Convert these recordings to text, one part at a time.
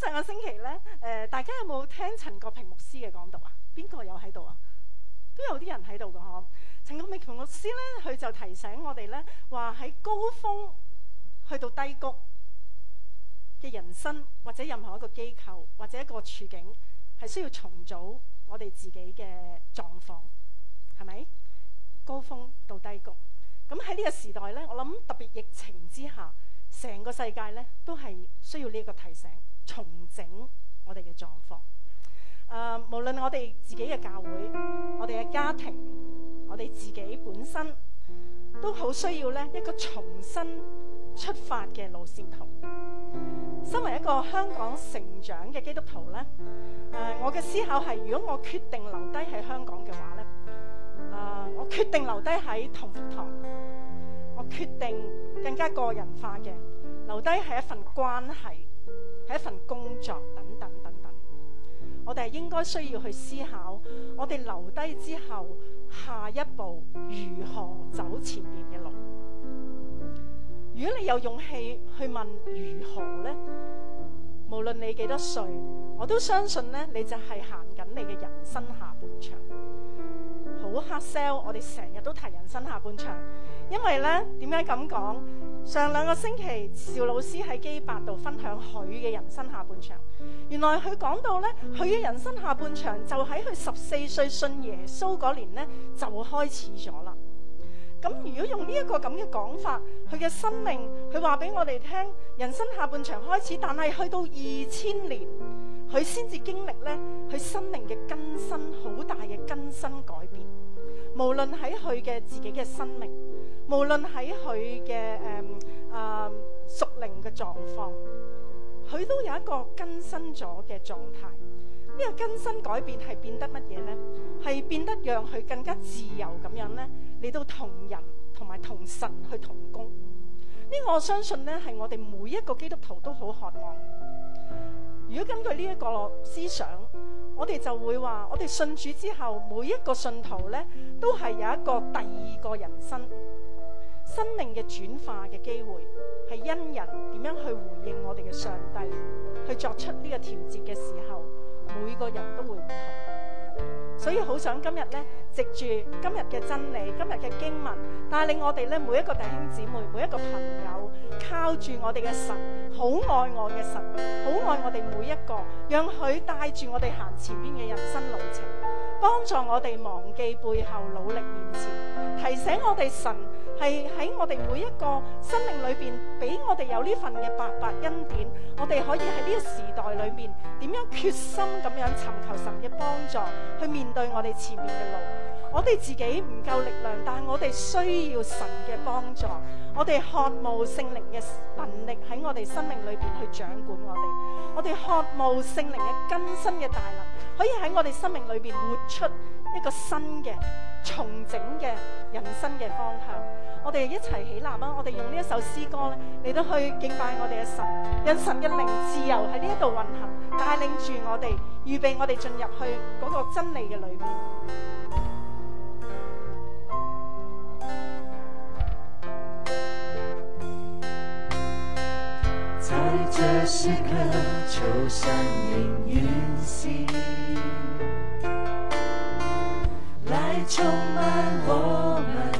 上個星期咧，誒、呃，大家有冇聽陳國平牧師嘅講道啊？邊個有喺度啊？都有啲人喺度噶，嗬。陳國平牧師咧，佢就提醒我哋咧，話喺高峰去到低谷嘅人生或者任何一個機構或者一個處境，係需要重組我哋自己嘅狀況，係咪？高峰到低谷，咁喺呢個時代咧，我諗特別疫情之下，成個世界咧都係需要呢一個提醒。重整我哋嘅狀況，誒、呃，無論我哋自己嘅教會，我哋嘅家庭、我哋自己本身，都好需要咧一個重新出發嘅路線圖。身為一個香港成長嘅基督徒咧，誒、呃，我嘅思考係如果我決定留低喺香港嘅話咧，誒、呃，我決定留低喺同福堂，我決定更加個人化嘅留低係一份關係。係一份工作，等等等等，我哋係應該需要去思考，我哋留低之後，下一步如何走前面嘅路？如果你有勇氣去問「如何呢？」無論你幾多歲，我都相信咧，你就係行緊你嘅人生下半場。好 hard sell，我哋成日都提人生下半場，因為咧點解咁講？上兩個星期，邵老師喺基八度分享佢嘅人生下半場。原來佢講到咧，佢嘅人生下半場就喺佢十四歲信耶穌嗰年咧就開始咗啦。咁如果用呢、這、一個咁嘅講法，佢嘅生命，佢話俾我哋聽，人生下半場開始，但係去到二千年，佢先至經歷咧佢生命嘅更新，好大嘅更新改變。無論喺佢嘅自己嘅生命，無論喺佢嘅誒啊屬靈嘅狀況，佢都有一個更新咗嘅狀態。呢個更新改變係變得乜嘢咧？係變得讓佢更加自由咁樣咧，嚟到同人同埋同神去同工。呢個我相信咧係我哋每一個基督徒都好渴望。如果根據呢一個思想，我哋就會話，我哋信主之後，每一個信徒咧，都係有一個第二個人生，生命嘅轉化嘅機會，係因人點樣去回應我哋嘅上帝，去作出呢個調節嘅時候，每個人都會唔同。所以好想今日呢，藉住今日嘅真理、今日嘅經文，帶領我哋呢，每一個弟兄姊妹、每一個朋友，靠住我哋嘅神，好愛我嘅神，好愛我哋每一個，讓佢帶住我哋行前邊嘅人生路程，幫助我哋忘記背後，努力面前，提醒我哋神。係喺我哋每一個生命裏邊，俾我哋有呢份嘅白白恩典，我哋可以喺呢個時代裏面點樣決心咁樣尋求神嘅幫助，去面對我哋前面嘅路。我哋自己唔夠力量，但係我哋需要神嘅幫助。我哋渴慕聖靈嘅能力喺我哋生命裏邊去掌管我哋，我哋渴慕聖靈嘅更新嘅大能，可以喺我哋生命裏邊活出一個新嘅重整嘅人生嘅方向。我哋一齊起，起立啦！我哋用詩呢一首詩歌咧嚟到去敬拜我哋嘅神，讓神嘅靈自由喺呢一度運行，帶領住我哋，預備我哋進入去嗰個真理嘅裏面。在這時刻，求神靈允許，來充滿我們。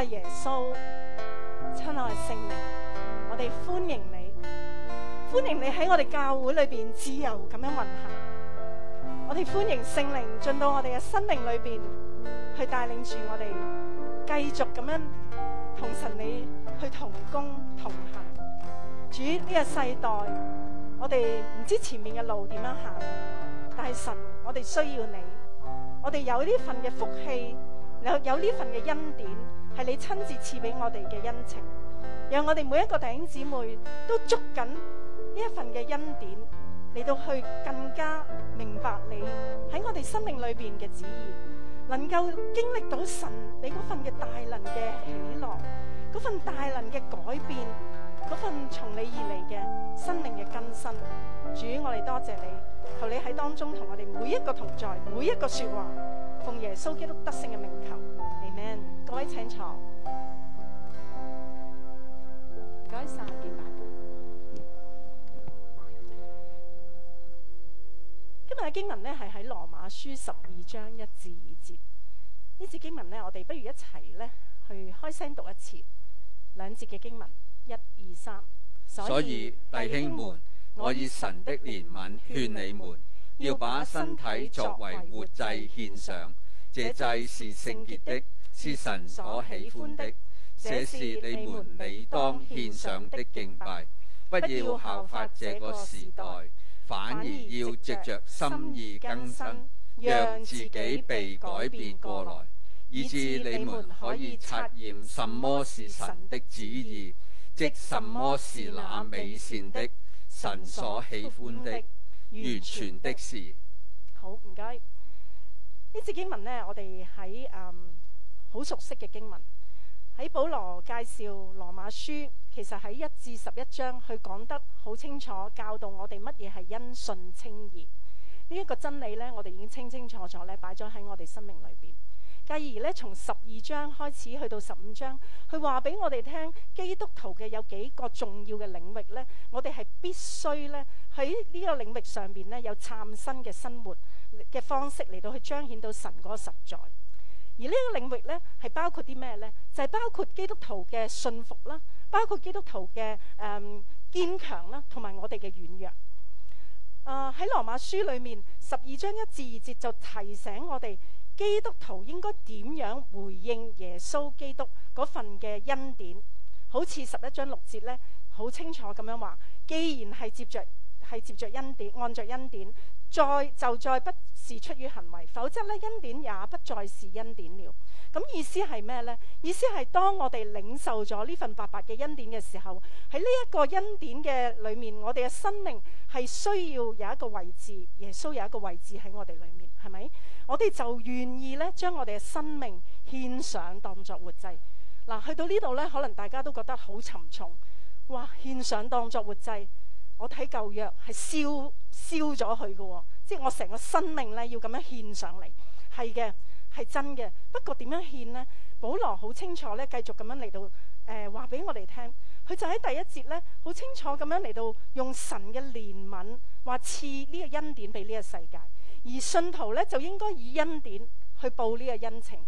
我耶穌親愛嘅聖靈，我哋歡迎你，歡迎你喺我哋教會裏邊自由咁樣運行。我哋歡迎聖靈進到我哋嘅心靈裏邊，去帶領住我哋繼續咁樣同神你去同工同行。主於呢個世代，我哋唔知前面嘅路點樣行，但係神，我哋需要你，我哋有呢份嘅福氣，有有呢份嘅恩典。係你親自賜俾我哋嘅恩情，讓我哋每一個弟兄姊妹都捉緊呢一份嘅恩典，嚟到去更加明白你喺我哋生命裏邊嘅旨意，能夠經歷到神你嗰份嘅大能嘅喜樂，嗰份大能嘅改變，嗰份從你而嚟嘅生命嘅更新，主，我哋多謝你，求你喺當中同我哋每一個同在，每一個說話，奉耶穌基督得勝嘅名求。各位請坐，唔該晒。見拜今日嘅經文呢係喺羅馬書十二章一至二節。呢節經文呢，我哋不如一齊呢去開聲讀一次兩節嘅經文。一二三，所以，所以弟兄們，我以神的憐憫勸你們，要把身體作為活祭獻上，這祭是聖潔的。是神所喜歡的，這是你們理當獻上的敬拜。不要效法這個時代，反而要藉着心意更新，讓自己被改變過來，以至你們可以察驗什麼是神的旨意，即什麼是那美善的神所喜歡的完全的事。好，唔該呢節經文呢，我哋喺嗯。好熟悉嘅經文，喺保羅介紹羅馬書，其實喺一至十一章，佢講得好清楚，教導我哋乜嘢係因信稱義呢一個真理呢，我哋已經清清楚楚咧擺咗喺我哋生命裏邊。繼而呢，從十二章開始去到十五章，佢話俾我哋聽，基督徒嘅有幾個重要嘅領域呢，我哋係必須呢，喺呢個領域上邊呢，有嶄新嘅生活嘅方式嚟到去彰顯到神嗰個實在。而呢個領域咧，係包括啲咩呢？就係、是、包括基督徒嘅信服啦，包括基督徒嘅誒堅強啦，同、嗯、埋我哋嘅軟弱。誒喺羅馬書裏面十二章一至二節，就提醒我哋基督徒應該點樣回應耶穌基督嗰份嘅恩典。好似十一章六節呢，好清楚咁樣話，既然係接着係接著恩典，按着恩典。再就再不是出於行為，否則咧恩典也不再是恩典了。咁意思係咩呢？意思係當我哋領受咗呢份白白嘅恩典嘅時候，喺呢一個恩典嘅裏面，我哋嘅生命係需要有一個位置，耶穌有一個位置喺我哋裏面，係咪？我哋就願意咧將我哋嘅生命獻上當作活祭。嗱，去到呢度呢，可能大家都覺得好沉重。「哇，獻上當作活祭，我睇舊約係燒。」燒咗佢嘅，即係我成個生命咧要咁樣獻上嚟，係嘅，係真嘅。不過點樣獻呢？保羅好清楚咧，繼續咁樣嚟到誒話俾我哋聽。佢就喺第一節咧，好清楚咁樣嚟到用神嘅憐憫，話賜呢個恩典俾呢個世界，而信徒咧就應該以恩典去報呢個恩情。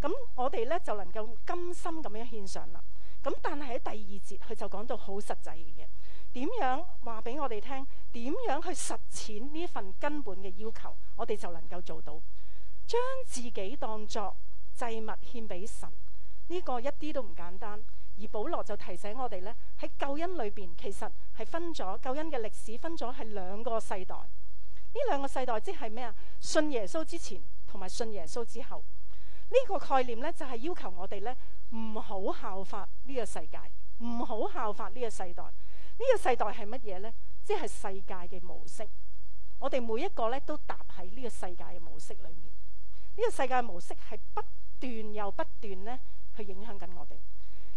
咁我哋咧就能夠甘心咁樣獻上啦。咁但係喺第二節，佢就講到好實際嘅嘢。點樣話俾我哋聽？點樣去實踐呢份根本嘅要求？我哋就能夠做到將自己當作祭物獻俾神。呢個一啲都唔簡單。而保羅就提醒我哋呢，喺救恩裏邊其實係分咗救恩嘅歷史，分咗係兩個世代。呢兩個世代即係咩啊？信耶穌之前同埋信耶穌之後，呢個概念呢，就係要求我哋呢唔好效法呢個世界，唔好效法呢個世代。呢個世代係乜嘢呢？即係世界嘅模式。我哋每一個咧都搭喺呢個世界嘅模式裏面。呢個世界模式係不斷又不斷咧去影響緊我哋。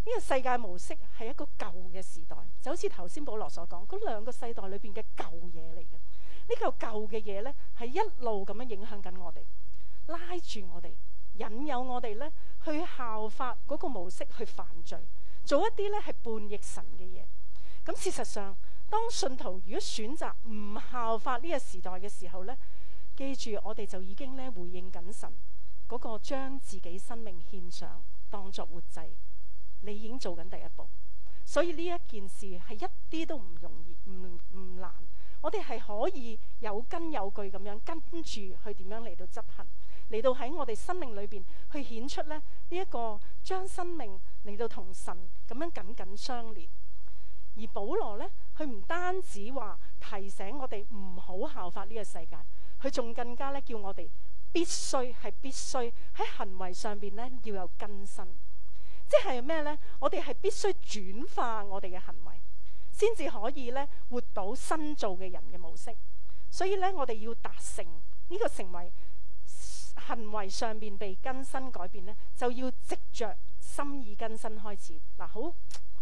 呢個世界模式係一個舊嘅時代，就好似頭先保羅所講嗰兩個世代裏邊嘅舊嘢嚟嘅。呢嚿舊嘅嘢呢係一路咁樣影響緊我哋，拉住我哋，引誘我哋呢去效法嗰個模式去犯罪，做一啲呢係叛逆神嘅嘢。咁事實上，當信徒如果選擇唔效法呢個時代嘅時候呢，記住我哋就已經咧回應緊神嗰個將自己生命獻上當作活祭，你已經做緊第一步。所以呢一件事係一啲都唔容易，唔唔難。我哋係可以有根有據咁樣跟住去點樣嚟到執行，嚟到喺我哋生命裏邊去顯出咧呢一個將生命嚟到同神咁樣緊緊相連。而保羅咧，佢唔單止話提醒我哋唔好效法呢個世界，佢仲更加咧叫我哋必須係必須喺行為上邊咧要有更新。即係咩咧？我哋係必須轉化我哋嘅行為，先至可以咧活到新造嘅人嘅模式。所以咧，我哋要達成呢個成為行為上邊被更新改變咧，就要藉着心意更新開始。嗱，好。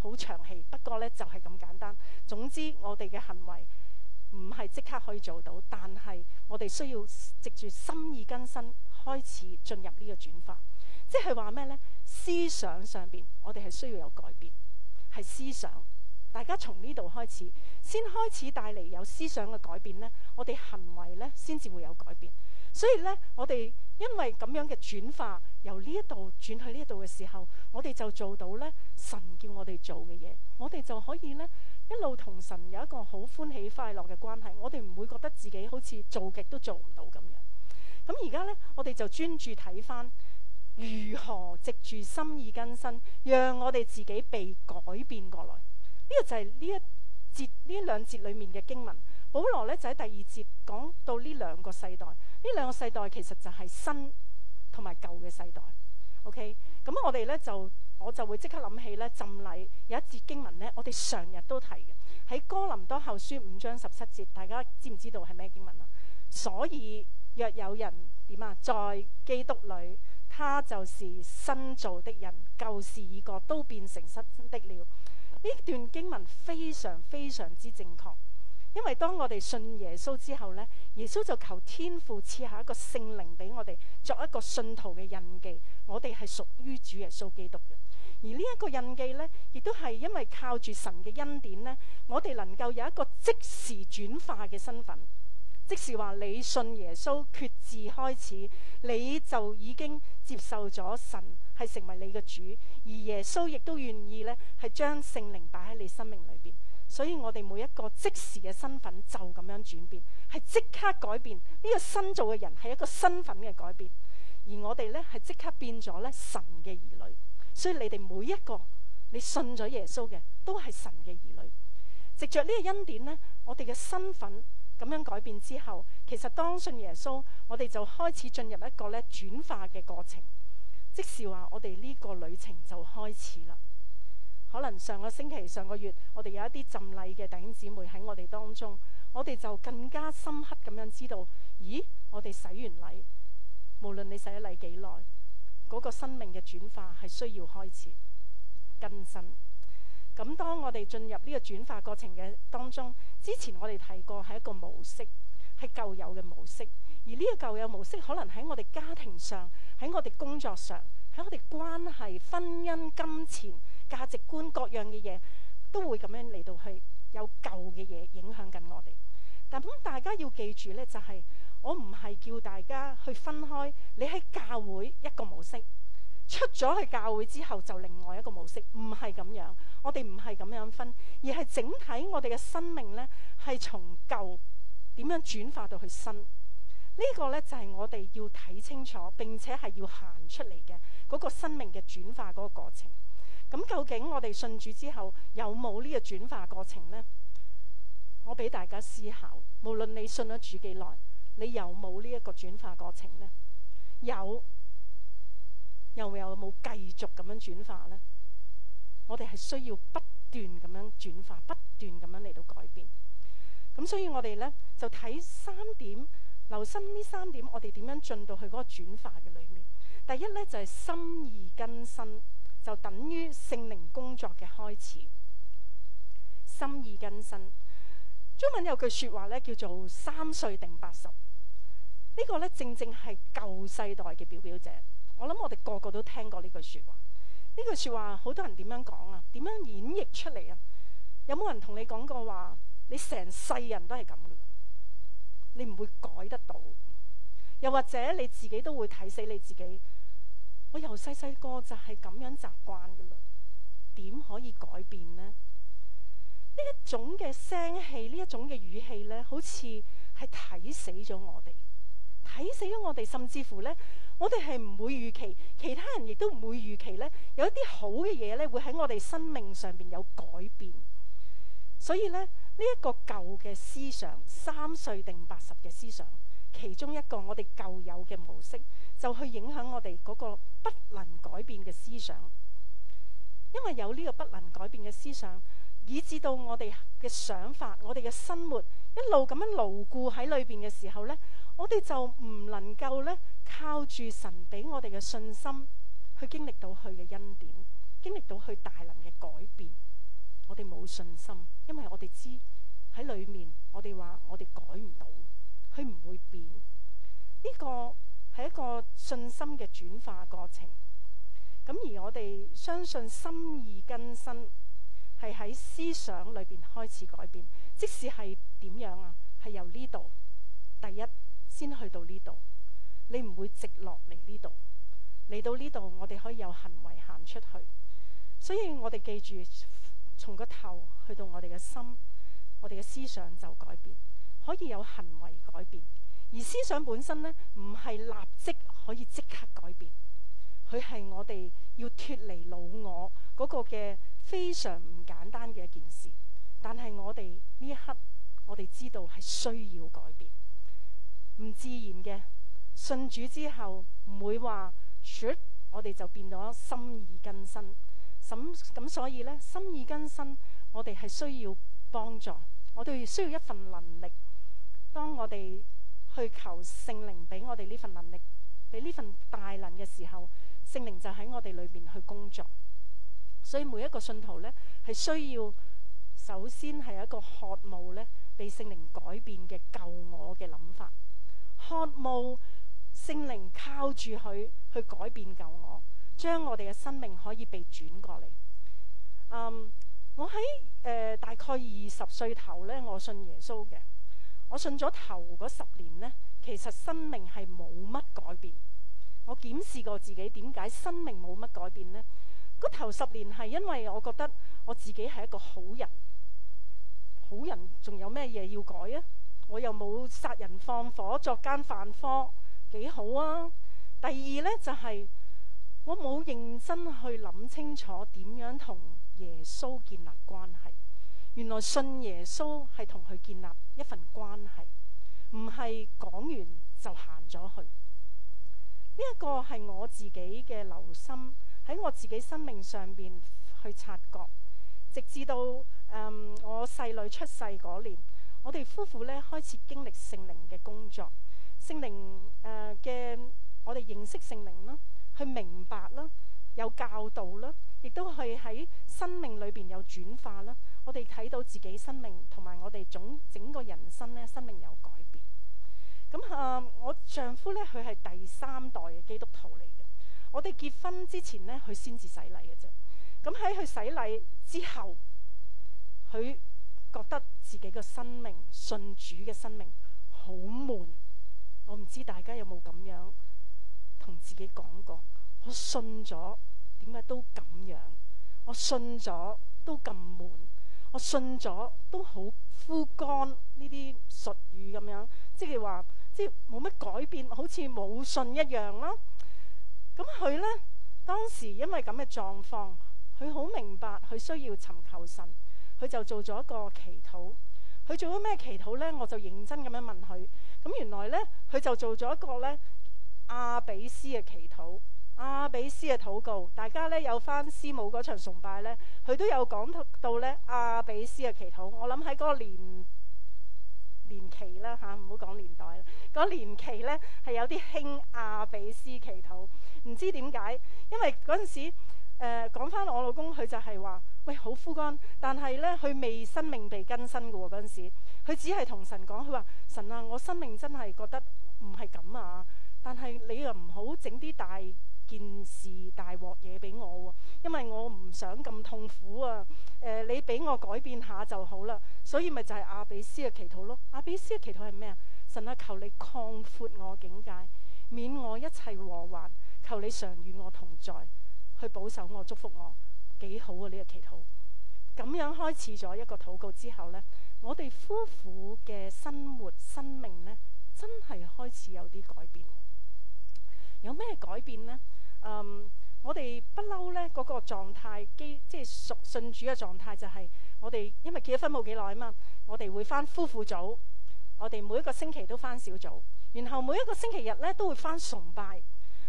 好長氣，不過呢就係、是、咁簡單。總之我哋嘅行為唔係即刻可以做到，但係我哋需要藉住心意更新開始進入呢個轉化，即係話咩呢？思想上邊我哋係需要有改變，係思想。大家從呢度開始，先開始帶嚟有思想嘅改變呢，我哋行為呢先至會有改變。所以呢，我哋。因為咁樣嘅轉化，由呢一度轉去呢一度嘅時候，我哋就做到呢，神叫我哋做嘅嘢，我哋就可以呢一路同神有一個好歡喜快樂嘅關係，我哋唔會覺得自己好似做極都做唔到咁樣。咁而家呢，我哋就專注睇返如何藉住心意更新，讓我哋自己被改變過來。呢、這個就係呢一節呢兩節裏面嘅經文，保羅呢，就喺第二節講到呢兩個世代。呢兩個世代其實就係新同埋舊嘅世代，OK？咁我哋呢就，就我就會即刻諗起呢。浸禮有一節經文呢，我哋成日都提嘅喺哥林多後書五章十七節，大家知唔知道係咩經文啊？所以若有人點啊，在基督裏，他就是新造的人，舊事已過，都變成新的了。呢段經文非常非常之正確。因為當我哋信耶穌之後咧，耶穌就求天父賜下一個聖靈俾我哋，作一個信徒嘅印記。我哋係屬於主耶穌基督嘅。而呢一個印記咧，亦都係因為靠住神嘅恩典咧，我哋能夠有一個即時轉化嘅身份。即係話你信耶穌決志開始，你就已經接受咗神係成為你嘅主，而耶穌亦都願意咧係將聖靈擺喺你生命裏邊。所以我哋每一個即時嘅身份就咁樣轉變，係即刻改變呢、這個新造嘅人係一個身份嘅改變，而我哋呢係即刻變咗咧神嘅兒女。所以你哋每一個你信咗耶穌嘅都係神嘅兒女。藉着呢個恩典呢，我哋嘅身份咁樣改變之後，其實當信耶穌，我哋就開始進入一個咧轉化嘅過程。即是話我哋呢個旅程就開始啦。可能上個星期、上個月，我哋有一啲浸禮嘅弟兄姊妹喺我哋當中，我哋就更加深刻咁樣知道：咦，我哋洗完禮，無論你洗咗禮幾耐，嗰個生命嘅轉化係需要開始更新。咁當我哋進入呢個轉化過程嘅當中，之前我哋提過係一個模式，係舊有嘅模式。而呢個舊有模式，可能喺我哋家庭上、喺我哋工作上、喺我哋關係、婚姻、金錢。價值觀，各樣嘅嘢都會咁樣嚟到去，有舊嘅嘢影響緊我哋。但係咁，大家要記住呢，就係我唔係叫大家去分開。你喺教會一個模式，出咗去教會之後就另外一個模式，唔係咁樣。我哋唔係咁樣分，而係整體我哋嘅生命呢，係從舊點樣轉化到去新。呢個呢，就係我哋要睇清楚並且係要行出嚟嘅嗰個生命嘅轉化嗰個過程。咁究竟我哋信主之後有冇呢個轉化過程呢？我俾大家思考，無論你信咗主幾耐，你有冇呢一個轉化過程呢？有，又有冇繼續咁樣轉化呢？我哋係需要不斷咁樣轉化，不斷咁樣嚟到改變。咁所以我哋呢，就睇三點，留心呢三點，我哋點樣進到去嗰個轉化嘅裡面？第一呢，就係心意更新。就等於聖靈工作嘅開始，心意更新。中文有句説話咧，叫做三歲定八十。這個、呢個咧正正係舊世代嘅表表者。我諗我哋個個都聽過呢句説話。呢句説話好多人點樣講啊？點樣演繹出嚟啊？有冇人同你講過話？你成世人都係咁噶，你唔會改得到。又或者你自己都會睇死你自己。我又細細個就係咁樣習慣噶啦，點可以改變呢？呢一種嘅聲氣，呢一種嘅語氣咧，好似係睇死咗我哋，睇死咗我哋，甚至乎咧，我哋係唔會預期，其他人亦都唔會預期咧，有一啲好嘅嘢咧，會喺我哋生命上面有改變。所以咧，呢一個舊嘅思想，三歲定八十嘅思想。其中一個我哋舊有嘅模式，就去影響我哋嗰個不能改變嘅思想。因為有呢個不能改變嘅思想，以致到我哋嘅想法、我哋嘅生活一路咁樣牢固喺裏邊嘅時候咧，我哋就唔能夠咧靠住神俾我哋嘅信心去經歷到佢嘅恩典，經歷到佢大能嘅改變。我哋冇信心，因為我哋知喺裏面，我哋話我哋改唔到，佢唔會。個係一個信心嘅轉化過程，咁而我哋相信心意更新係喺思想裏邊開始改變，即使係點樣啊，係由呢度第一先去到呢度，你唔會直落嚟，呢度嚟到呢度我哋可以有行為行出去，所以我哋記住從個頭去到我哋嘅心，我哋嘅思想就改變，可以有行為改變。而思想本身呢，唔係立即可以即刻改變，佢係我哋要脫離老我嗰個嘅非常唔簡單嘅一件事。但係我哋呢一刻，我哋知道係需要改變，唔自然嘅信主之後唔會話說 ut, 我哋就變咗心意更新。咁、嗯、咁，所以呢，心意更新，我哋係需要幫助。我哋需要一份能力，當我哋。去求聖靈俾我哋呢份能力，俾呢份大能嘅時候，聖靈就喺我哋裏面去工作。所以每一個信徒呢，係需要首先係一個渴慕呢，被聖靈改變嘅救我嘅諗法，渴慕聖靈靠住佢去改變救我，將我哋嘅生命可以被轉過嚟。嗯，我喺，呃，大概二十歲頭呢，我信耶穌嘅。我信咗頭嗰十年呢，其實生命係冇乜改變。我檢視過自己，點解生命冇乜改變呢？嗰頭十年係因為我覺得我自己係一個好人，好人仲有咩嘢要改啊？我又冇殺人放火作奸犯科，幾好啊？第二呢，就係我冇認真去諗清楚點樣同耶穌建立關係。原來信耶穌係同佢建立一份關係，唔係講完就行咗去。呢、這、一個係我自己嘅留心喺我自己生命上面去察覺，直至到誒、嗯、我細女出世嗰年，我哋夫婦咧開始經歷聖靈嘅工作，聖靈誒嘅、呃、我哋認識聖靈啦，去明白啦，有教導啦，亦都係喺生命裏面有轉化啦。我哋睇到自己生命同埋我哋整整個人生咧，生命有改變。咁啊、呃，我丈夫咧，佢係第三代嘅基督徒嚟嘅。我哋結婚之前咧，佢先至洗禮嘅啫。咁喺佢洗禮之後，佢覺得自己嘅生命、信主嘅生命好悶。我唔知大家有冇咁樣同自己講過？我信咗點解都咁樣？我信咗都咁悶。我信咗都好枯乾呢啲術語咁樣，即係話即係冇乜改變，好似冇信一樣咯。咁佢呢，當時因為咁嘅狀況，佢好明白佢需要尋求神，佢就做咗一個祈禱。佢做咗咩祈禱呢？我就認真咁樣問佢。咁原來呢，佢就做咗一個呢，阿比斯嘅祈禱。阿比斯嘅禱告，大家咧有翻師母嗰場崇拜咧，佢都有講到咧阿比斯嘅祈禱。我諗喺嗰個年年期啦吓，唔好講年代啦。嗰、那個、年期咧係有啲興阿比斯祈禱，唔知點解，因為嗰陣時誒、呃、講翻我老公，佢就係話喂，好枯乾，但係咧佢未生命被更新嘅喎嗰時，佢只係同神講，佢話神啊，我生命真係覺得唔係咁啊，但係你又唔好整啲大。件事大鑊嘢，俾我喎，因為我唔想咁痛苦啊！誒、呃，你俾我改變下就好啦，所以咪就係阿比斯嘅祈禱咯。阿比斯嘅祈禱係咩啊？神啊，求你擴闊我境界，免我一切禍患，求你常與我同在，去保守我，祝福我，幾好啊！呢、這個祈禱咁樣開始咗一個禱告之後呢，我哋夫婦嘅生活、生命呢，真係開始有啲改變。有咩改變呢？嗯，um, 我哋不嬲咧嗰個狀態，基即係屬信主嘅狀態就係我哋，因為結咗婚冇幾耐啊嘛，我哋會返夫婦組，我哋每一個星期都返小組，然後每一個星期日咧都會返崇拜，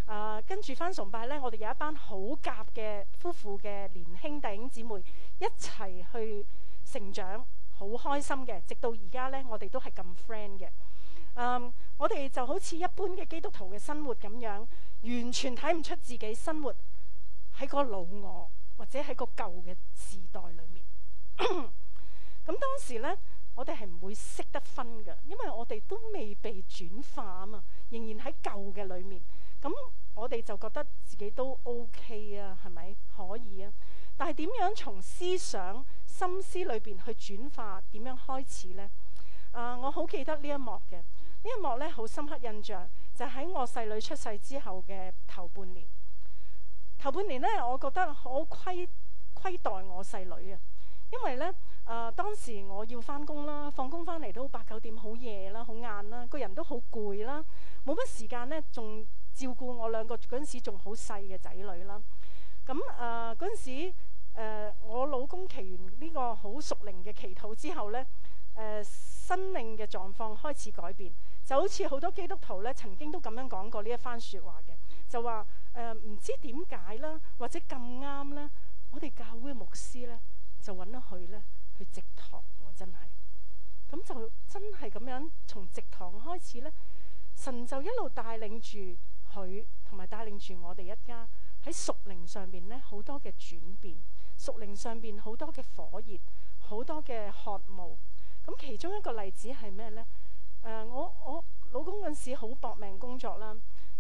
啊，跟住返崇拜咧，我哋有一班好夾嘅夫婦嘅年輕弟兄姊妹一齊去成長，好開心嘅，直到而家咧，我哋都係咁 friend 嘅。嗯、啊，我哋就好似一般嘅基督徒嘅生活咁樣。完全睇唔出自己生活喺個老我或者喺個舊嘅時代裏面。咁 當時呢，我哋係唔會識得分㗎，因為我哋都未被轉化啊嘛，仍然喺舊嘅裏面。咁我哋就覺得自己都 OK 啊，係咪可以啊？但係點樣從思想心思裏邊去轉化？點樣開始呢？啊、呃，我好記得呢一幕嘅，呢一幕呢，好深刻印象。.就喺我細女出世之後嘅頭半年，頭半年呢，我覺得好虧虧待我細女啊，因為呢，誒、呃、當時我要返工啦，放工返嚟都八九點，好夜啦，好晏啦，個人都好攰啦，冇乜時間呢，仲照顧我兩個嗰陣時仲好細嘅仔女啦。咁誒嗰陣時、呃，我老公祈完呢個好屬靈嘅祈禱之後呢，誒、呃、生命嘅狀況開始改變。就好似好多基督徒咧，曾經都咁樣講過呢一番説話嘅，就話誒唔知點解啦，或者咁啱咧，我哋教會嘅牧師咧就揾到佢咧去植堂喎，真係，咁就真係咁樣從植堂開始咧，神就一路帶領住佢，同埋帶領住我哋一家喺屬靈上邊咧好多嘅轉變，屬靈上邊好多嘅火熱，好多嘅渴慕，咁其中一個例子係咩咧？誒、呃、我我老公嗰陣時好搏命工作啦，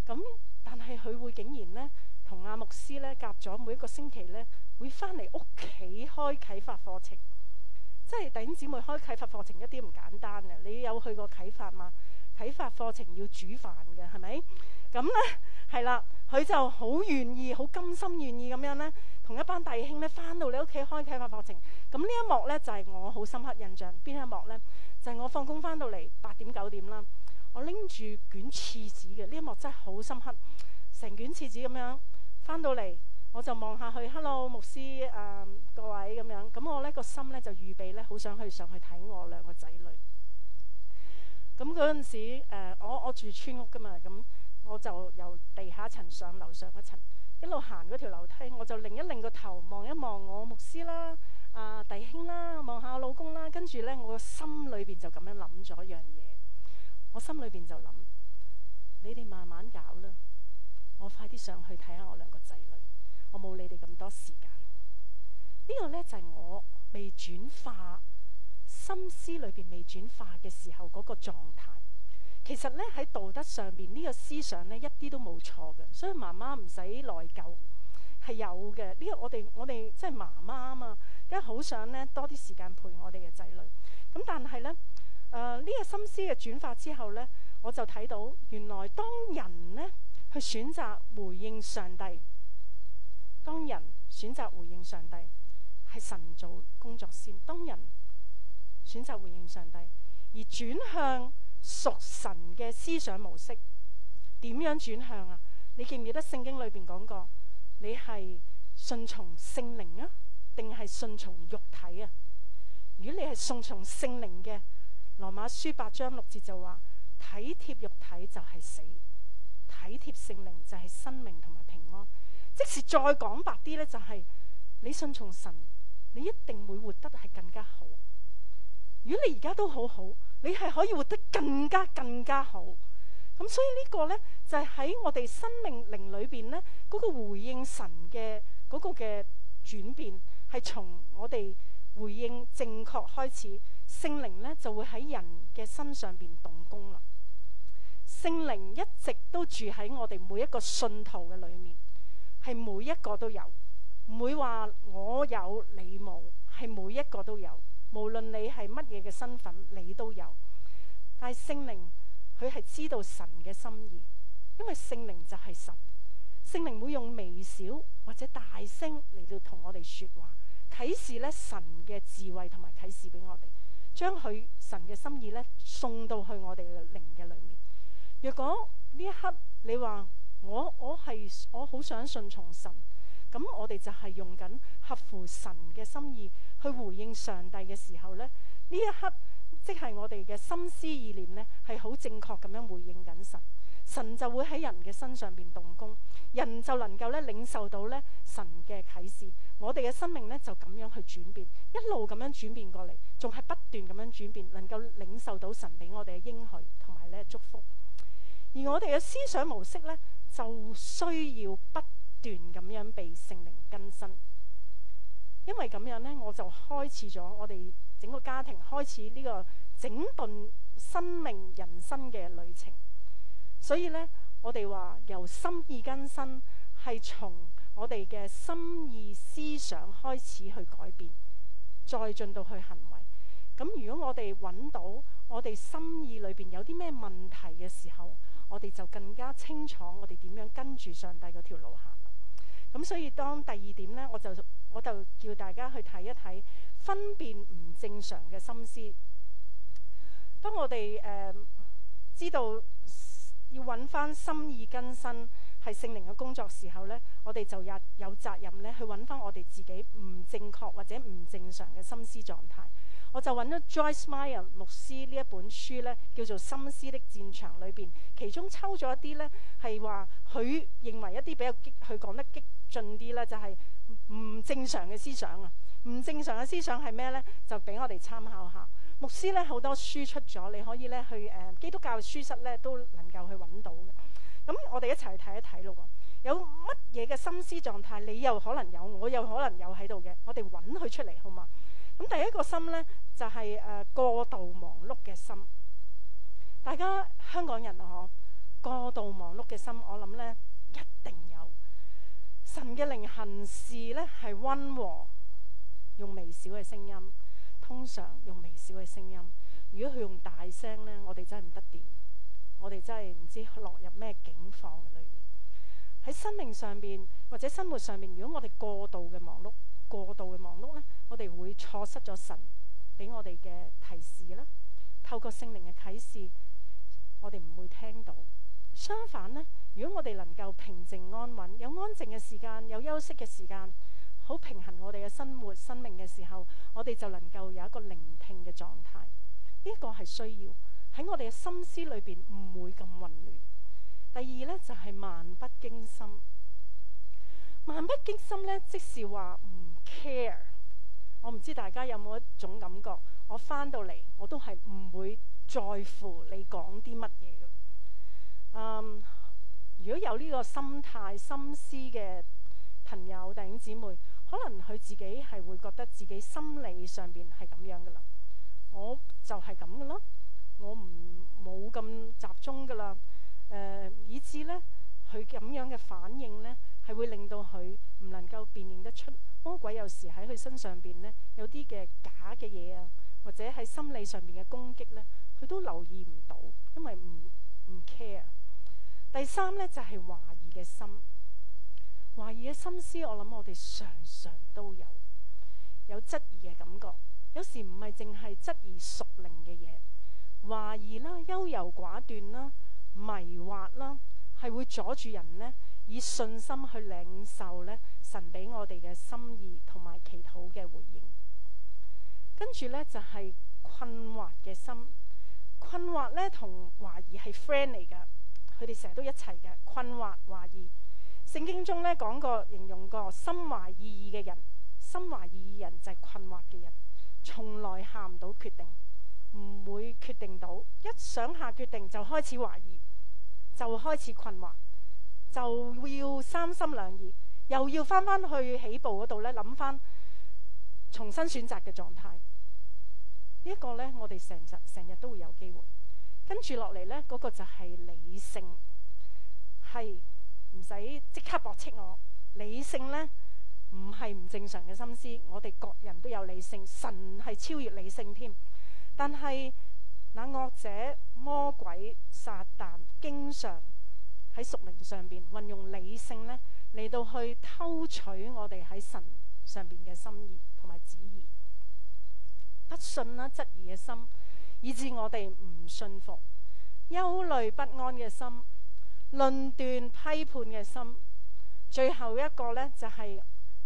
咁但係佢會竟然咧，同阿牧師咧夾咗每一個星期咧，會翻嚟屋企開啟發課程，即係弟兄姊妹開啟發課程一啲唔簡單啊！你有去過啟發嘛？啟發課程要煮飯嘅，係咪？咁咧係啦，佢就好願意、好甘心願意咁樣咧，同一班弟兄咧翻到你屋企開啟發課程。咁呢一幕咧就係、是、我好深刻印象。邊一幕咧就係、是、我放工翻到嚟八點九點啦。我拎住卷廁紙嘅呢一幕真係好深刻，成卷廁紙咁樣翻到嚟，我就望下去。Hello 牧師誒、呃、各位咁樣，咁我咧個心咧就預備咧，好想去上去睇我兩個仔女。咁嗰陣時、呃、我我住村屋㗎嘛咁。我就由地下層上樓上一層，一路行嗰條樓梯，我就擰一擰個頭望一望我牧師啦、啊弟兄啦，望下我老公啦，跟住呢我個心裏面，我心裏邊就咁樣諗咗一樣嘢。我心裏邊就諗，你哋慢慢搞啦，我快啲上去睇下我兩個仔女，我冇你哋咁多時間。呢個呢，就係我未轉化心思裏邊未轉化嘅時候嗰個狀態。其實咧喺道德上面呢、這個思想咧一啲都冇錯嘅，所以媽媽唔使內疚，係有嘅。呢、這個我哋我哋即係媽媽啊嘛，梗係好想咧多啲時間陪我哋嘅仔女。咁但係咧，誒、呃、呢、這個心思嘅轉化之後咧，我就睇到原來當人咧去選擇回應上帝，當人選擇回應上帝係神做工作先，當人選擇回應上帝而轉向。屬神嘅思想模式點樣轉向啊？你記唔記得聖經裏邊講過，你係順從聖靈啊，定係順從肉體啊？如果你係順從聖靈嘅，羅馬書八章六節就話：體貼肉體就係死，體貼聖靈就係生命同埋平安。即使再講白啲呢，就是，就係你順從神，你一定會活得係更加好。如果你而家都好好，你係可以活得更加更加好。咁所以呢個咧就喺我哋生命靈裏邊咧，嗰個回應神嘅嗰個嘅轉變，係從我哋回應正確開始，聖靈咧就會喺人嘅身上邊動工啦。聖靈一直都住喺我哋每一個信徒嘅裏面，係每一個都有，唔會話我有你冇，係每一個都有。無論你係乜嘢嘅身份，你都有。但係聖靈佢係知道神嘅心意，因為聖靈就係神。聖靈會用微小或者大聲嚟到同我哋說話，啟示咧神嘅智慧同埋啟示俾我哋，將佢神嘅心意咧送到去我哋嘅靈嘅裏面。若果呢一刻你話我我係我好想信從神。咁我哋就係用緊合乎神嘅心意去回應上帝嘅時候呢，呢一刻，即係我哋嘅心思意念呢，係好正確咁樣回應緊神。神就會喺人嘅身上邊動工，人就能夠咧領受到咧神嘅啟示。我哋嘅生命咧就咁樣去轉變，一路咁樣轉變過嚟，仲係不斷咁樣轉變，能夠領受到神俾我哋嘅應許同埋咧祝福。而我哋嘅思想模式呢，就需要不不斷咁樣被聖靈更新，因為咁樣呢，我就開始咗我哋整個家庭開始呢個整頓生命人生嘅旅程。所以呢，我哋話由心意更新係從我哋嘅心意思想開始去改變，再進到去行為。咁如果我哋揾到我哋心意裏邊有啲咩問題嘅時候，我哋就更加清楚我哋點樣跟住上帝嗰條路行。咁所以當第二點呢，我就我就叫大家去睇一睇，分辨唔正常嘅心思。當我哋誒、呃、知道要揾翻心意更新係聖靈嘅工作時候呢，我哋就也有，有責任呢去揾翻我哋自己唔正確或者唔正常嘅心思狀態。我就揾咗 Joyce Meyer 牧師呢一本書呢叫做《心思的戰場》裏邊，其中抽咗一啲呢係話，佢認為一啲比較激，佢講得激進啲呢，就係、是、唔正常嘅思想啊！唔正常嘅思想係咩呢？就俾我哋參考下。牧師呢好多書出咗，你可以呢去誒、呃、基督教書室呢都能夠去揾到嘅。咁我哋一齊去睇一睇咯。有乜嘢嘅心思狀態，你又可能有，我又可能有喺度嘅。我哋揾佢出嚟好嘛？咁第一個心呢，就係誒過度忙碌嘅心，大家香港人啊嗬，過度忙碌嘅心，我諗呢，一定有。神嘅靈行事呢，係溫和，用微小嘅聲音，通常用微小嘅聲音。如果佢用大聲呢，我哋真係唔得掂，我哋真係唔知落入咩境況裏面。喺生命上邊或者生活上面，如果我哋過度嘅忙碌。過度嘅忙碌呢，我哋會錯失咗神俾我哋嘅提示啦。透過聖靈嘅啟示，我哋唔會聽到。相反呢，如果我哋能夠平靜安穩，有安靜嘅時間，有休息嘅時間，好平衡我哋嘅生活、生命嘅時候，我哋就能夠有一個聆聽嘅狀態。呢個係需要喺我哋嘅心思裏邊唔會咁混亂。第二呢，就係漫不經心，漫不經心呢，即是話唔。care，我唔知大家有冇一種感覺，我翻到嚟我都係唔會在乎你講啲乜嘢嘅。嗯，如果有呢個心態心思嘅朋友弟兄姊妹，可能佢自己係會覺得自己心理上邊係咁樣噶啦，我就係咁噶啦，我唔冇咁集中噶啦，呃，以至呢，佢咁樣嘅反應呢，係會令到佢唔能夠辨認得出魔鬼有時喺佢身上邊呢，有啲嘅假嘅嘢啊，或者喺心理上面嘅攻擊呢，佢都留意唔到，因為唔唔 care。第三呢，就係、是、懷疑嘅心，懷疑嘅心思，我諗我哋常常都有有質疑嘅感覺，有時唔係淨係質疑屬靈嘅嘢，懷疑啦、優柔寡斷啦、迷惑啦，係會阻住人呢。以信心去領受咧神俾我哋嘅心意同埋祈禱嘅回應，跟住咧就係、是、困惑嘅心，困惑咧同懷疑係 friend 嚟㗎，佢哋成日都一齊嘅。困惑懷疑，聖經中咧講過形容過心懷二意嘅人，心懷二意人就係困惑嘅人，從來下唔到決定，唔會決定到，一想下決定就開始懷疑，就開始困惑。就要三心兩意，又要翻返去起步嗰度咧，諗翻重新選擇嘅狀態。這個、呢一個咧，我哋成日成日都會有機會。跟住落嚟呢，嗰、那個就係理性，係唔使即刻駁斥我。理性呢，唔係唔正常嘅心思。我哋各人都有理性，神係超越理性添。但係，那惡者、魔鬼、撒但，經常。喺屬靈上邊運用理性呢，嚟到去偷取我哋喺神上邊嘅心意同埋旨意，不信啦，質疑嘅心，以致我哋唔信服，憂慮不安嘅心，論斷批判嘅心，最後一個呢，就係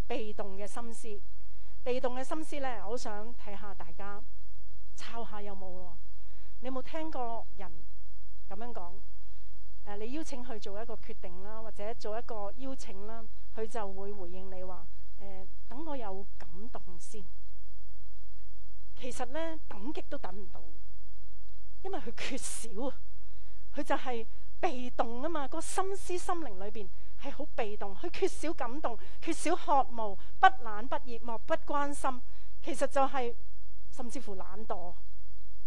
被動嘅心思。被動嘅心思呢，我想睇下大家抄下有冇？你有冇聽過人咁樣講？誒，你邀請佢做一個決定啦，或者做一個邀請啦，佢就會回應你話：等我有感動先。其實呢，等極都等唔到，因為佢缺少啊，佢就係被動啊嘛，個心思心靈裏邊係好被動，佢缺少感動，缺少渴慕，不冷不熱，漠不關心，其實就係、是、甚至乎懶惰。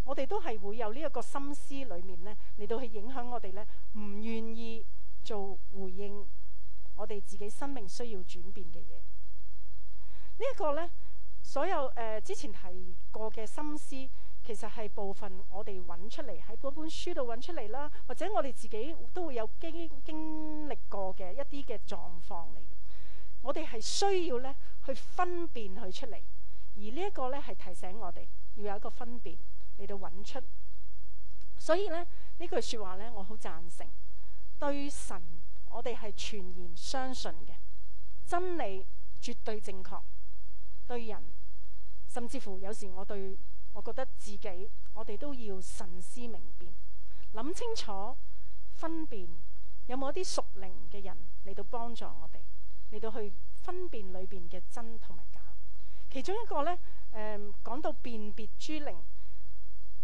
我哋都係會有呢一個心思裏面呢嚟到去影響我哋呢，唔願意做回應我哋自己生命需要轉變嘅嘢。呢、這、一個呢，所有誒、呃、之前提過嘅心思，其實係部分我哋揾出嚟喺嗰本書度揾出嚟啦，或者我哋自己都會有經經歷過嘅一啲嘅狀況嚟。我哋係需要呢去分辨佢出嚟，而呢一個呢係提醒我哋要有一個分辨。嚟到揾出，所以咧呢句說話咧，我好贊成。對神，我哋係全然相信嘅真理，絕對正確。對人，甚至乎有時我對，我覺得自己，我哋都要慎思明辨，諗清楚分辨有冇一啲屬靈嘅人嚟到幫助我哋，嚟到去分辨裏邊嘅真同埋假。其中一個咧，誒、呃，講到辨別諸靈。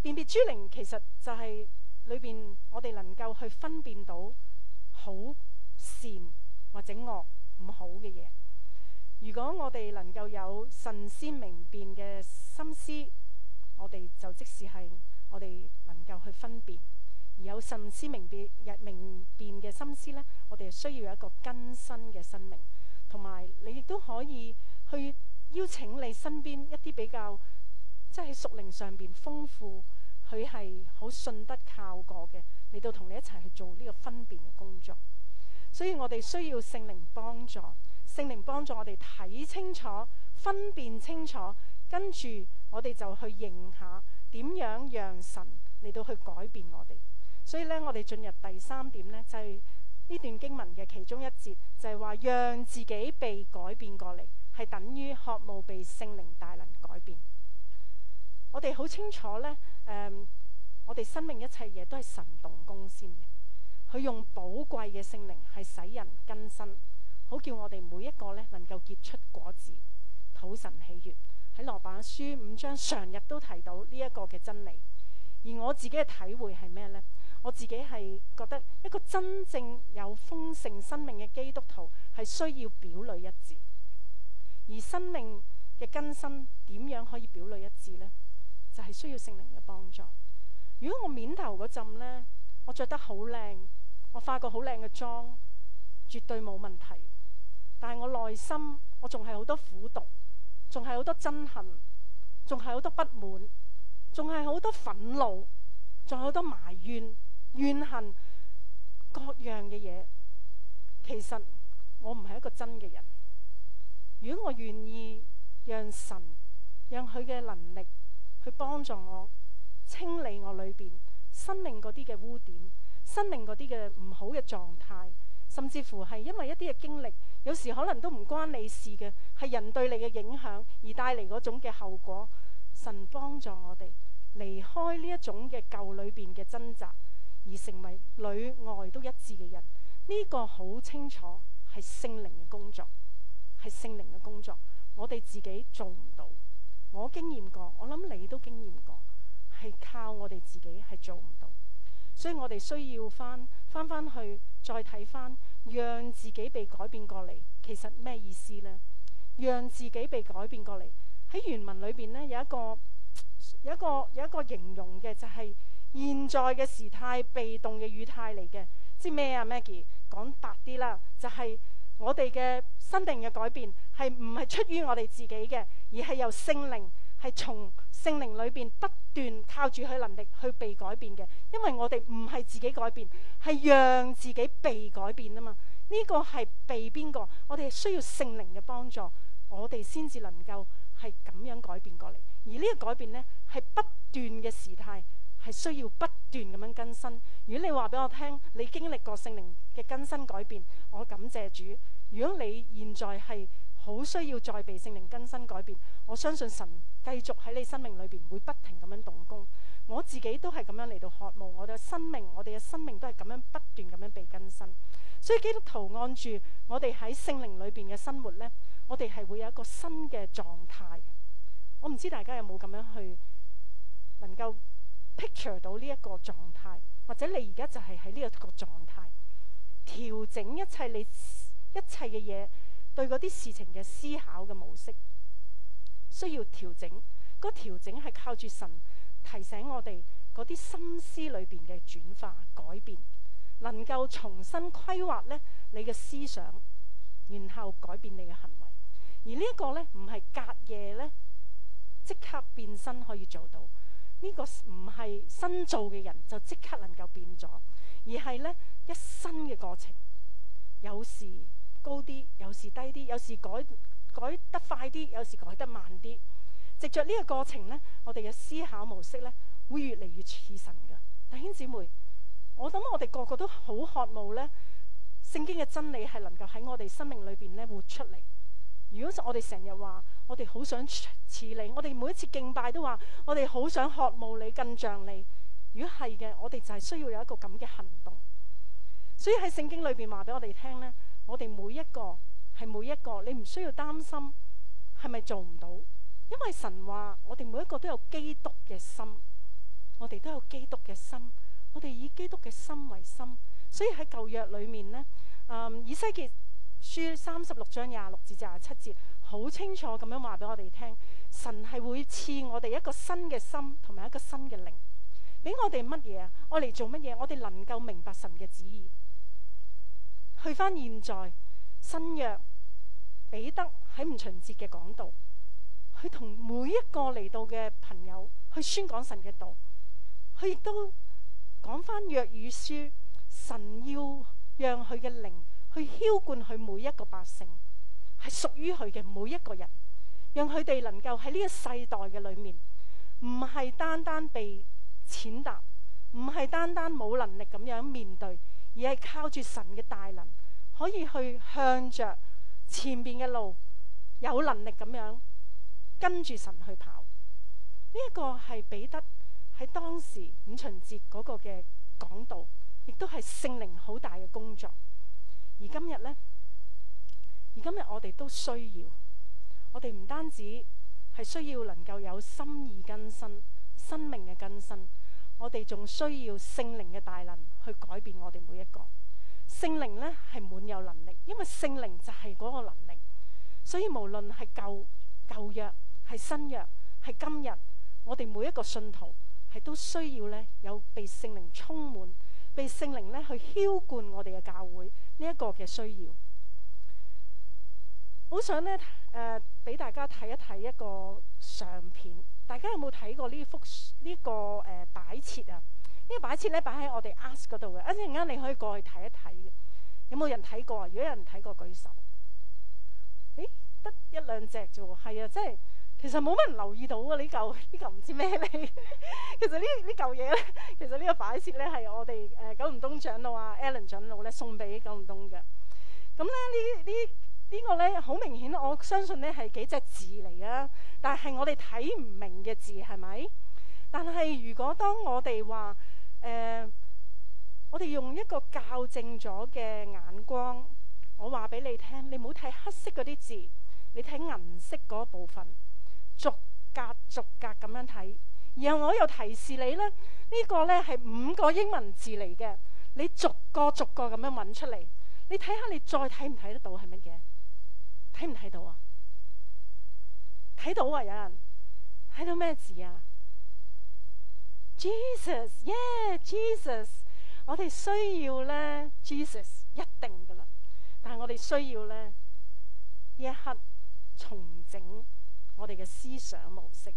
辨別諸靈其實就係裏邊我哋能夠去分辨到好善或者惡唔好嘅嘢。如果我哋能夠有神思明辨嘅心思，我哋就即使係我哋能夠去分辨，而有神思明辨明辨嘅心思呢，我哋係需要有一個更新嘅生命，同埋你亦都可以去邀請你身邊一啲比較即係喺屬靈上邊豐富。佢係好信得靠過嘅，嚟到同你一齊去做呢個分辨嘅工作，所以我哋需要聖靈幫助，聖靈幫助我哋睇清楚、分辨清楚，跟住我哋就去認下點樣讓神嚟到去改變我哋。所以咧，我哋進入第三點咧，就係呢段經文嘅其中一節，就係話讓自己被改變過嚟，係等於渴望被聖靈大能改變。我哋好清楚咧。誒，um, 我哋生命一切嘢都係神動工先嘅，佢用寶貴嘅聖靈係使人更新，好叫我哋每一個咧能夠結出果子，討神喜悅。喺羅馬書五章成日都提到呢一個嘅真理，而我自己嘅體會係咩呢？我自己係覺得一個真正有豐盛生命嘅基督徒係需要表裏一致，而生命嘅更新點樣可以表裏一致呢？就係需要聖靈嘅幫助。如果我面頭嗰陣咧，我着得好靚，我化個好靚嘅妝，絕對冇問題。但係我內心，我仲係好多苦毒，仲係好多憎恨，仲係好多不滿，仲係好多憤怒，仲有好多埋怨怨恨各樣嘅嘢。其實我唔係一個真嘅人。如果我願意讓神讓佢嘅能力。去幫助我清理我裏邊生命嗰啲嘅污點、生命嗰啲嘅唔好嘅狀態，甚至乎係因為一啲嘅經歷，有時可能都唔關你事嘅，係人對你嘅影響而帶嚟嗰種嘅後果。神幫助我哋離開呢一種嘅舊裏邊嘅掙扎，而成為裏外都一致嘅人。呢、這個好清楚係聖靈嘅工作，係聖靈嘅工作，我哋自己做唔到。我經驗過，我諗你都經驗過，係靠我哋自己係做唔到，所以我哋需要翻翻翻去再睇翻，讓自己被改變過嚟，其實咩意思呢？讓自己被改變過嚟，喺原文裏邊呢，有一個有一個有一個形容嘅，就係現在嘅時態、被動嘅語態嚟嘅，即係咩啊？Maggie 講白啲啦，就係我哋嘅新定嘅改變係唔係出於我哋自己嘅？而係由聖靈，係從聖靈裏邊不斷靠住佢能力去被改變嘅，因為我哋唔係自己改變，係讓自己被改變啊嘛。呢個係被邊個？我哋需要聖靈嘅幫助，我哋先至能夠係咁樣改變過嚟。而呢個改變呢，係不斷嘅時態，係需要不斷咁樣更新。如果你話俾我聽，你經歷過聖靈嘅更新改變，我感謝主。如果你現在係，好需要再被聖靈更新改變，我相信神繼續喺你生命裏邊會不停咁樣動工。我自己都係咁樣嚟到渴慕，我哋嘅生命，我哋嘅生命都係咁樣不斷咁樣被更新。所以基督徒按住我哋喺聖靈裏邊嘅生活呢，我哋係會有一個新嘅狀態。我唔知大家有冇咁樣去能夠 picture 到呢一個狀態，或者你而家就係喺呢一個狀態，調整一切你一切嘅嘢。對嗰啲事情嘅思考嘅模式需要調整，嗰、那個、調整係靠住神提醒我哋嗰啲心思裏邊嘅轉化改變，能夠重新規劃呢你嘅思想，然後改變你嘅行為。而呢一個呢唔係隔夜呢，即刻變身可以做到，呢、這個唔係新造嘅人就即刻能夠變咗，而係呢，一新嘅過程，有時。高啲，有時低啲，有時改改得快啲，有時改得慢啲。藉着呢一個過程呢，我哋嘅思考模式呢會越嚟越似神㗎。弟兄姊妹，我諗我哋個個都好渴望呢聖經嘅真理係能夠喺我哋生命裏邊呢活出嚟。如果我哋成日話我哋好想似你，我哋每一次敬拜都話我哋好想渴慕你更像你。如果係嘅，我哋就係需要有一個咁嘅行動。所以喺聖經裏邊話俾我哋聽呢。我哋每一個係每一個，你唔需要擔心係咪做唔到，因為神話我哋每一個都有基督嘅心，我哋都有基督嘅心，我哋以基督嘅心為心，所以喺舊約裏面呢，嗯，以西結書三十六章廿六至廿七節，好清楚咁樣話俾我哋聽，神係會賜我哋一個新嘅心，同埋一個新嘅靈，俾我哋乜嘢啊？我嚟做乜嘢？我哋能夠明白神嘅旨意。去翻現在，新約彼得喺五旬節嘅講道，佢同每一個嚟到嘅朋友去宣講神嘅道，佢亦都講翻約珥書，神要讓佢嘅靈去澆灌佢每一個百姓，係屬於佢嘅每一個人，讓佢哋能夠喺呢個世代嘅裏面，唔係單單被踐踏，唔係單單冇能力咁樣面對。而係靠住神嘅大能，可以去向着前邊嘅路，有能力咁樣跟住神去跑。呢一個係彼得喺當時五旬節嗰個嘅講道，亦都係聖靈好大嘅工作。而今日呢，而今日我哋都需要，我哋唔單止係需要能夠有心意更新，生命嘅更新。我哋仲需要聖靈嘅大能去改變我哋每一個。聖靈呢係滿有能力，因為聖靈就係嗰個能力。所以無論係舊舊約、係新約、係今日，我哋每一個信徒係都需要呢，有被聖靈充滿，被聖靈呢去澆灌我哋嘅教會呢一個嘅需要。好想咧，誒、呃，俾大家睇一睇一個相片。大家有冇睇過幅、這個呃這個、呢幅呢個誒擺設啊？呢擺設咧擺喺我哋 Ask 嗰度嘅，一陣間你可以過去睇一睇嘅。有冇人睇過啊？如果有人睇過，舉手。誒，得一兩隻啫喎。係啊，即係其實冇乜人留意到啊。呢嚿呢嚿唔知咩嚟。其實呢呢嚿嘢咧，其實呢個擺設咧係我哋誒九龍東長老啊，Alan 長老咧送俾九龍東嘅。咁咧呢呢。呢個呢，好明顯，我相信呢係幾隻字嚟啊，但係我哋睇唔明嘅字係咪？但係如果當我哋話誒，我哋用一個校正咗嘅眼光，我話俾你聽，你唔好睇黑色嗰啲字，你睇銀色嗰部分，逐格逐格咁樣睇。然後我又提示你呢，呢個呢係五個英文字嚟嘅，你逐個逐個咁樣揾出嚟。你睇下，你再睇唔睇得到係乜嘢？睇唔睇到啊？睇到啊！有人睇到咩字啊？Jesus，y、yeah, e 耶，Jesus，我哋需要咧，Jesus 一定㗎喇。但係我哋需要咧，一刻重整我哋嘅思想模式，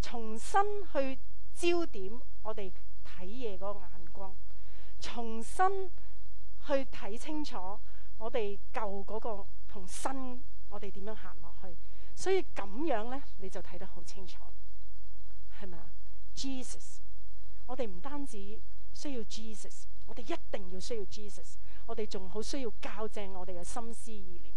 重新去焦點我哋睇嘢嗰個眼光，重新去睇清楚我哋舊嗰、嗰個。同新我哋點樣行落去，所以咁樣呢，你就睇得好清楚，係咪啊？Jesus，我哋唔單止需要 Jesus，我哋一定要需要 Jesus，我哋仲好需要校正我哋嘅心思意念。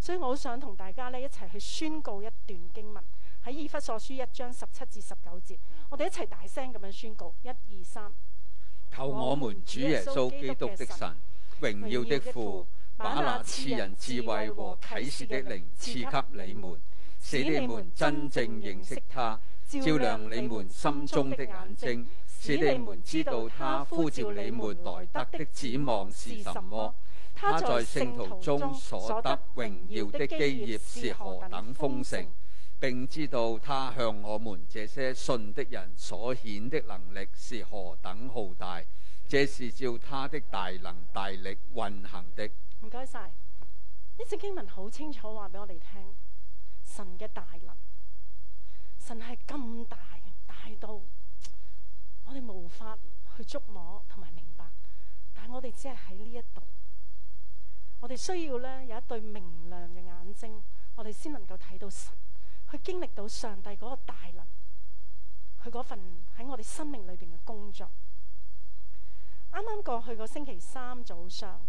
所以我好想同大家呢，一齊去宣告一段經文，喺以弗所書一章十七至十九節，我哋一齊大聲咁樣宣告：一二三，求我們主耶穌基督的神，榮耀的父。把那賜人智慧和啟示的靈賜給你們，使你們真正認識他，照亮你們心中的眼睛，使你們知道他呼召你們來得的指望是什麼。他在聖徒中所得榮耀的基業是何等豐盛，並知道他向我們這些信的人所顯的能力是何等浩大，這是照他的大能大力運行的。唔該晒，呢節經文好清楚話俾我哋聽，神嘅大能，神係咁大，大到我哋無法去觸摸同埋明白，但係我哋只係喺呢一度，我哋需要咧有一對明亮嘅眼睛，我哋先能夠睇到神，去經歷到上帝嗰個大能，佢嗰份喺我哋生命裏邊嘅工作。啱啱過去個星期三早上，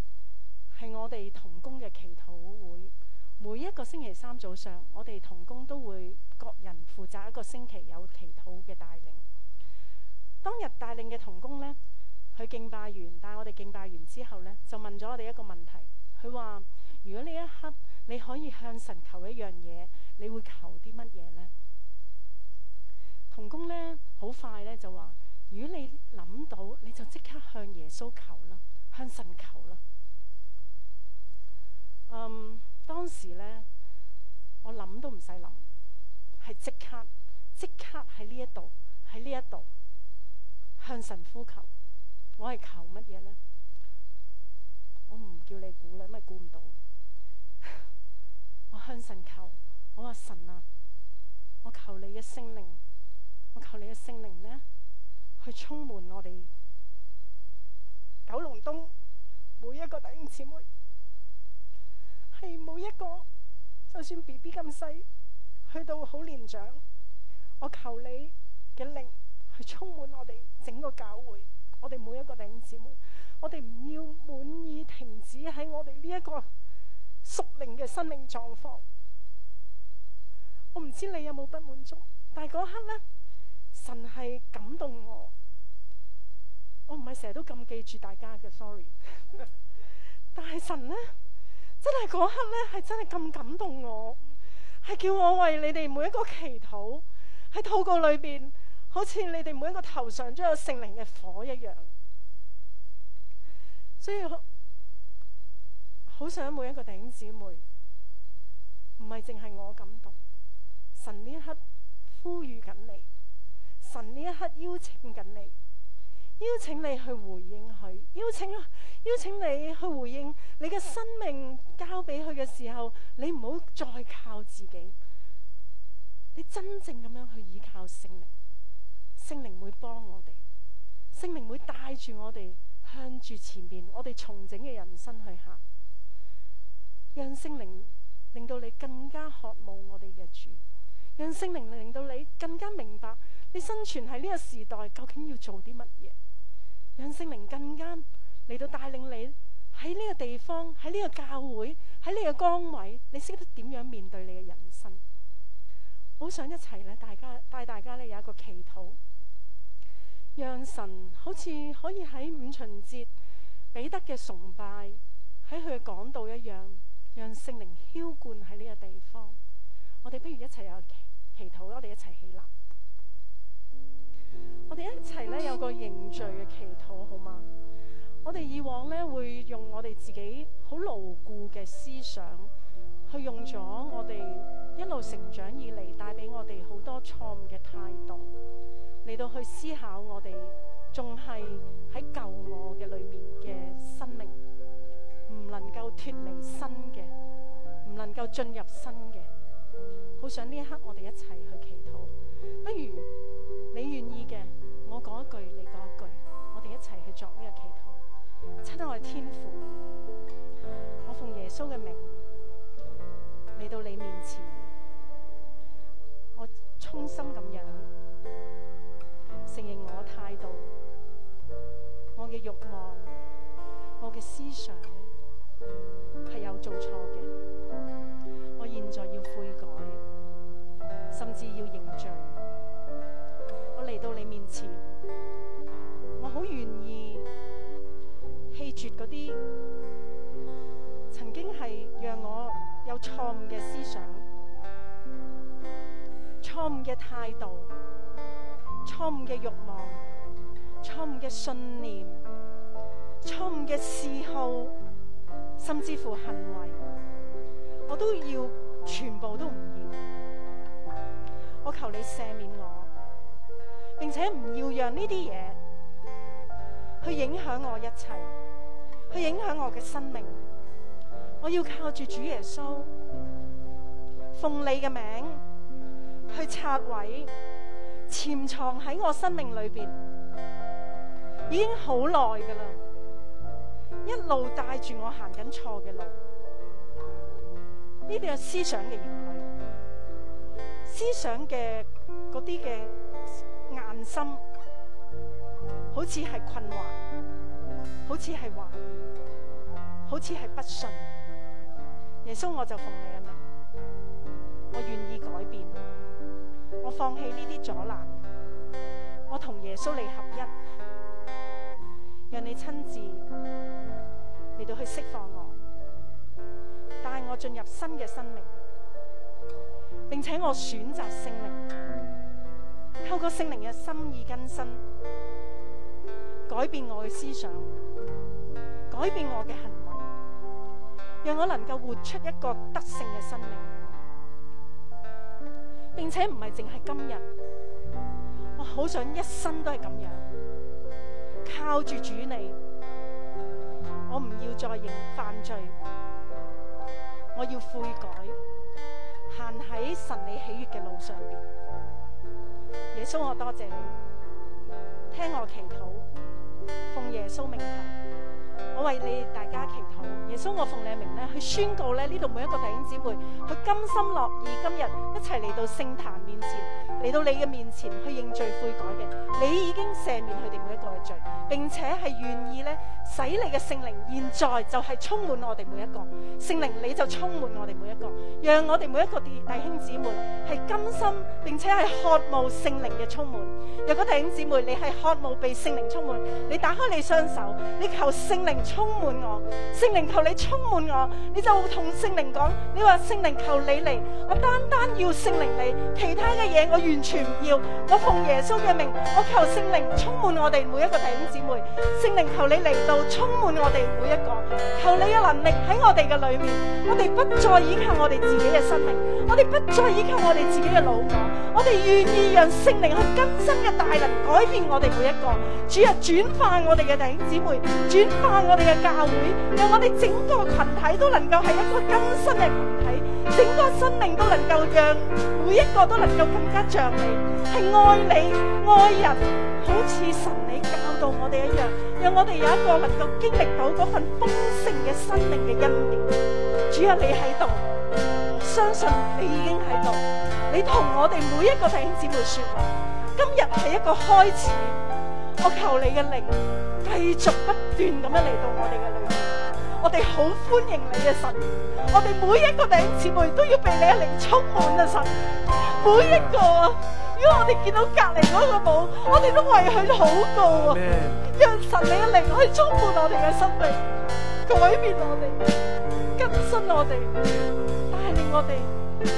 係我哋同工嘅祈禱會，每一個星期三早上，我哋同工都會各人負責一個星期有祈禱嘅帶領。當日帶領嘅同工呢，佢敬拜完，但係我哋敬拜完之後呢，就問咗我哋一個問題。佢話：「如果呢一刻你可以向神求一樣嘢，你會求啲乜嘢呢？」同工呢，好快呢就話：如果你諗到，你就即刻向耶穌求啦，向神求啦。嗯，um，當時咧，我諗都唔使諗，係即刻即刻喺呢一度喺呢一度向神呼求。我係求乜嘢咧？我唔叫你估啦，咁咪估唔到。 我向神求，我話神啊，我求你嘅聖靈，我求你嘅聖靈咧，去充滿我哋九龍東每一個弟兄姊妹。係每一個，就算 BB 咁細，去到好年長，我求你嘅靈去充滿我哋整個教會，我哋每一個弟兄姊妹，我哋唔要滿意停止喺我哋呢一個屬靈嘅生命狀況。我唔知你有冇不滿足，但係嗰刻咧，神係感動我。我唔係成日都咁記住大家嘅，Sorry。 但係神咧。真係嗰刻咧，係真係咁感動我，係叫我為你哋每一個祈禱，喺禱告裏邊，好似你哋每一個頭上都有聖靈嘅火一樣。所以好，好想每一個弟兄姊妹，唔係淨係我感動，神呢一刻呼籲緊你，神呢一刻邀請緊你。邀請你去回應佢，邀請邀請你去回應你嘅生命交俾佢嘅時候，你唔好再靠自己，你真正咁樣去依靠聖靈，聖靈會幫我哋，聖靈會帶住我哋向住前面，我哋重整嘅人生去行，讓聖靈令到你更加渴慕我哋嘅主，讓聖靈令到你更加明白你生存喺呢個時代究竟要做啲乜嘢。讓聖靈更加嚟到帶領你喺呢個地方，喺呢個教會，喺呢個崗位，你識得點樣面對你嘅人生？好想一齊咧，大家帶大家咧有一個祈禱，讓神好似可以喺五旬節彼得嘅崇拜喺佢嘅講道一樣，讓聖靈澆灌喺呢個地方。我哋不如一齊有祈禱，我哋一齊起，起立。我哋一齊咧有個凝聚嘅祈禱，好嗎？我哋以往咧會用我哋自己好牢固嘅思想，去用咗我哋一路成長以嚟帶俾我哋好多錯誤嘅態度，嚟到去思考我哋仲係喺舊我嘅裏面嘅生命，唔能夠脫離新嘅，唔能夠進入新嘅。好想呢一刻，我哋一齊去祈禱，不如。你願意嘅，我講一句，你講一句，我哋一齊去作呢個祈禱。親愛天父，我奉耶穌嘅名嚟到你面前，我衷心咁樣承認我態度、我嘅慾望、我嘅思想係有做錯嘅。前，我好願意棄絕嗰啲曾經係讓我有錯誤嘅思想、錯誤嘅態度、錯誤嘅慾望、錯誤嘅信念、錯誤嘅嗜好，甚至乎行為，我都要全部都唔要。我求你赦免。並且唔要讓呢啲嘢去影響我一切，去影響我嘅生命。我要靠住主耶穌，奉你嘅名去拆毀、潛藏喺我生命裏邊，已經好耐噶啦，一路帶住我行緊錯嘅路。呢啲係思想嘅淫女，思想嘅嗰啲嘅。心好似係困惑，好似係懷疑，好似係不信。耶穌，我就奉你嘅名，我願意改變，我放棄呢啲阻攔，我同耶穌你合一，讓你親自嚟到去釋放我，帶我進入新嘅生命，並且我選擇聖靈。透過聖靈嘅心意更新，改變我嘅思想，改變我嘅行為，讓我能夠活出一個得勝嘅生命，並且唔係淨係今日，我好想一生都係咁樣，靠住主你，我唔要再認犯罪，我要悔改，行喺神你喜悦嘅路上邊。耶穌，我多謝你，聽我祈禱，奉耶穌名求。我為你哋大家祈禱，耶穌，我奉你名咧去宣告咧呢度每一個弟兄姊妹，去甘心樂意今日一齊嚟到聖壇面前，嚟到你嘅面前去認罪悔改嘅。你已經赦免佢哋每一個嘅罪，並且係願意咧使你嘅聖靈現在就係充滿我哋每一個聖靈，你就充滿我哋每一個，讓我哋每一個弟弟兄姊妹係甘心並且係渴慕聖靈嘅充滿。若果弟兄姊妹你係渴慕被聖靈充滿，你打開你雙手，你求聖靈。充滿我，聖靈求你充滿我，你就同聖靈講，你話聖靈求你嚟。我單單要聖靈你，其他嘅嘢，我完全唔要。我奉耶穌嘅名，我求聖靈充滿我哋每一個弟兄姊妹。聖靈求你嚟到充滿我哋每一個，求你嘅能力喺我哋嘅裏面，我哋不再依靠我哋自己嘅生命，我哋不再依靠我哋自己嘅老我，我哋願意讓聖靈去更新嘅大能改變我哋每一個，主日轉化我哋嘅弟兄姊妹，轉化。啊、我哋嘅教會，讓我哋整個群體都能夠係一個更新嘅群體，整個生命都能夠讓每一個都能夠更加像你，係愛你愛人，好似神你教導我哋一樣，讓我哋有一個能夠經歷到嗰份豐盛嘅生命嘅恩典。主啊，你喺度，我相信你已經喺度，你同我哋每一個弟兄姊妹說話，今日係一個開始。我求你嘅靈繼續不斷咁樣嚟到我哋嘅裏面，我哋好歡迎你嘅神，我哋每一個弟兄姊妹都要被你嘅靈充滿嘅神，每一個，如果我哋見到隔籬嗰個冇，我哋都為佢禱告啊！讓神你嘅靈可以充滿我哋嘅生命，改變我哋，更新我哋，帶領我哋，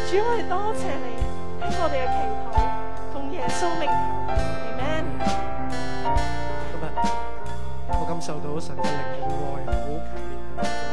主啊，多謝你聽我哋嘅祈禱，同耶穌命。感受到神嘅靈與愛，好強烈。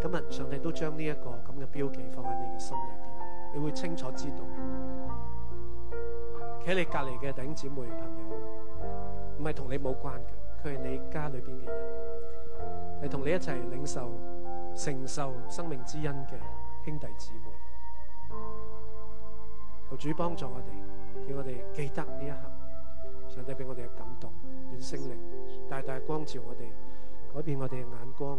今日上帝都將呢一個咁嘅標記放喺你嘅心裏邊，你會清楚知道，企喺你隔籬嘅弟兄姊妹朋友，唔係同你冇關嘅，佢係你家裏邊嘅人，係同你一齊領受、承受生命之恩嘅兄弟姊妹。求主幫助我哋，叫我哋記得呢一刻，上帝俾我哋嘅感動，願聖靈大大光照我哋，改變我哋嘅眼光。